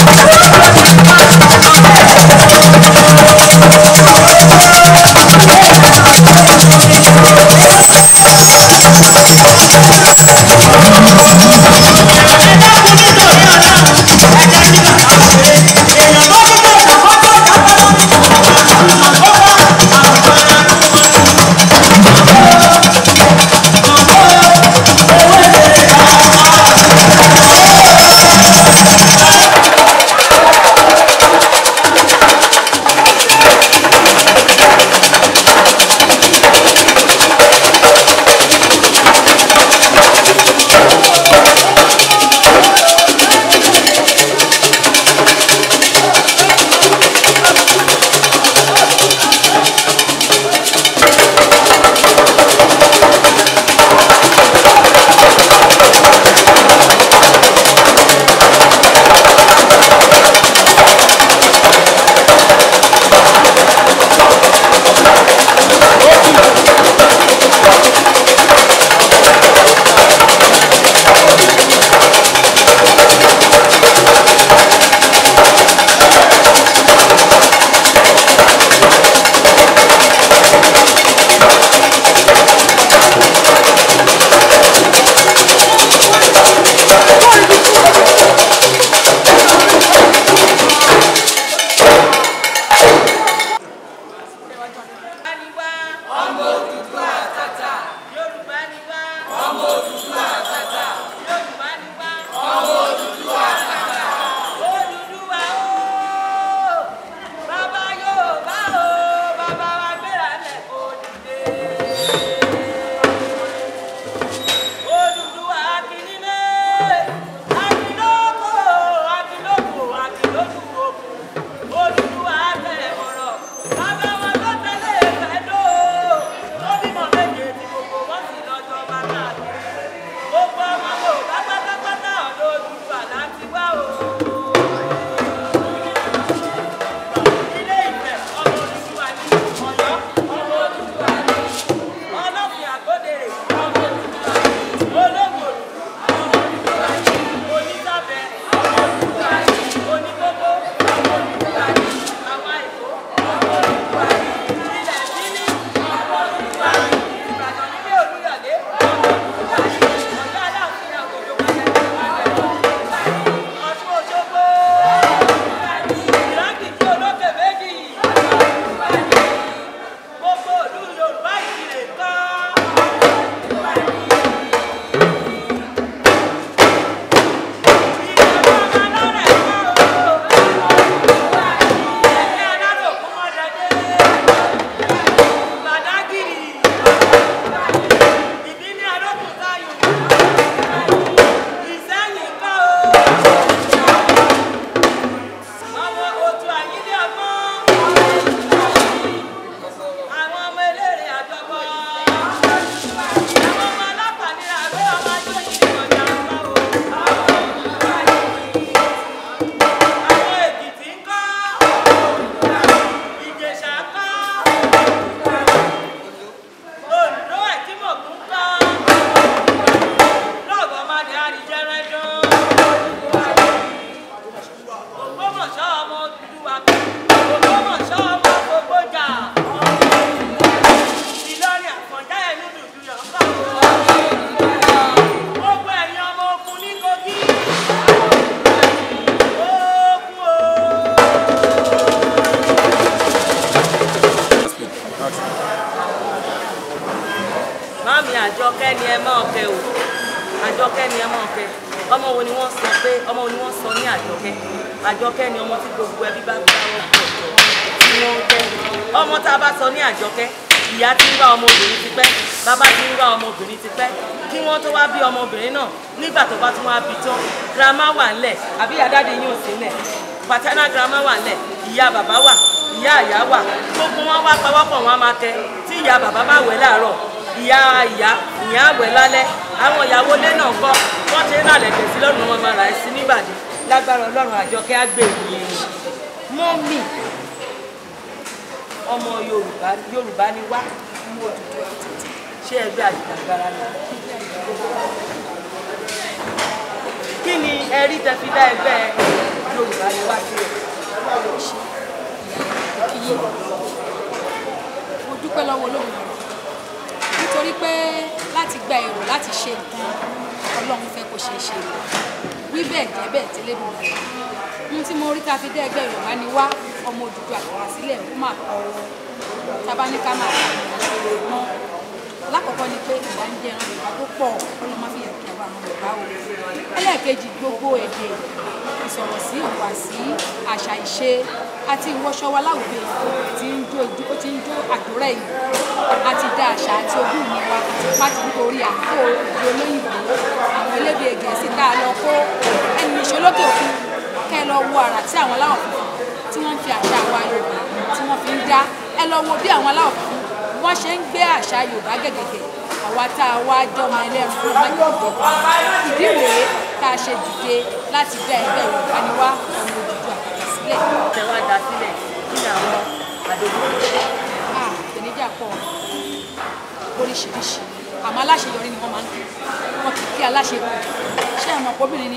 Thank you. ẹ máa kẹ o àjọkẹ́ ni ẹ máa kẹ ọmọ wo ni wọ́n sọ pé ọmọ wo ni wọ́n sọ ní àjọkẹ́ àjọkẹ́ ni ọmọ tí gbogbo ẹbí bá gbá wọn pọ̀ tí wọ́n ń kẹ́ ọmọ tá a bá sọ ní àjọkẹ́ ìyá ti ń wá ọmọbìnrin ti pẹ́ bàbá ti ń wá ọmọbìnrin ti pẹ́ kí wọ́n tó wá bí ọmọbìnrin náà nígbà tó bá tún wá bí tán girama wà ńlẹ̀ àbí àdáde yín ò sí ńlẹ̀ paternal girama wà ńlẹ̀ ìyá bàbá wà ìyá ìyá wà gbogbo wọn wá pawọ́pọ̀ wọn máa tẹ tí ìyá bàbá bá wẹ̀ láàárọ̀ ìyá ìyá ìyá àwẹ̀ lálẹ́ àwọn ìyàwó ilé náà kọ́ wọ́n ṣe ń rà lẹ̀kẹ̀ lọ́rùn wọn máa rà sí nígbàdí lágbára ọlọ́run àjọkẹ́ àgbègbè e mọ́mì ọmọ yorùbá yorùbá ni wá ṣé ẹgbẹ́ àjìjàgbara ni kí ni ẹ̀rí tẹ̀fídá ẹgbẹ́ yorùbá ni wá sí ẹ̀. mo dúpẹ́ lọ́wọ́ olóògùn nítorí pé láti gba èrò láti ṣe nǹkan ọlọ́run fẹ́ kó ṣe é ṣe lọ wí bẹ́ẹ̀ jẹ́ bẹ́ẹ̀ tẹ́lẹ̀ mi lọ ohun tí mo rí ká fi dé Yorùbá ni wá ọmọ Odùduwà àkàrà sílẹ̀ kó má kọ́ ọ́ tábáníkà máa kọ́ ọ́ lákọ̀ọ́kọ́ ni pé ìwà ń jẹ ẹran Yorùbá tó pọ̀ ọlọ́mọ fi yẹ kí àwọn àwọn Yorùbá o ẹlẹ́ẹ̀kejì gbogbo èdè ìsọ̀rọ̀ sí ìwà sí àṣà ìṣe àti ìwọṣọ wa láwùjọ èyí tí ń jó ó ti ń jó àdúrà yìí àti dá àṣà àti ogún mi wa láti nítorí àkókò ìdí olóyìnbó àwọn elédè Gẹ̀ẹ́sì tá a lọ kó ẹni ìṣolókè òkun kẹ́ ẹ lọ wo àrà tí àwọn aláwọ̀ funfun tí wọ́n ń fi àṣà wa Yorùbá tí wọ́n fi ń dá ẹ lọ wo bí àwọn aláwọ̀ funfun wọ́n ṣe ń gbé àṣà Yorùbá gẹ̀gẹ̀gẹ̀ àwa tá a wá jọmọ ẹlẹ́run fún ọgbà ìdí rèé tá a ṣe dìde láti dá ẹgbẹ́ Yorùbá ni wá ọmọ òdìdó àpàdà sílẹ̀. tẹwà dá sílẹ̀ kí àwọn àdókò. ìpèníjà pọ̀ oríṣiríṣi àmọ́ aláṣeyọrí ni wọ́n máa ń kí wọ́n kì í kí aláṣeyọrí ṣé ẹ̀ mọ̀ pọ́bìnrin ni.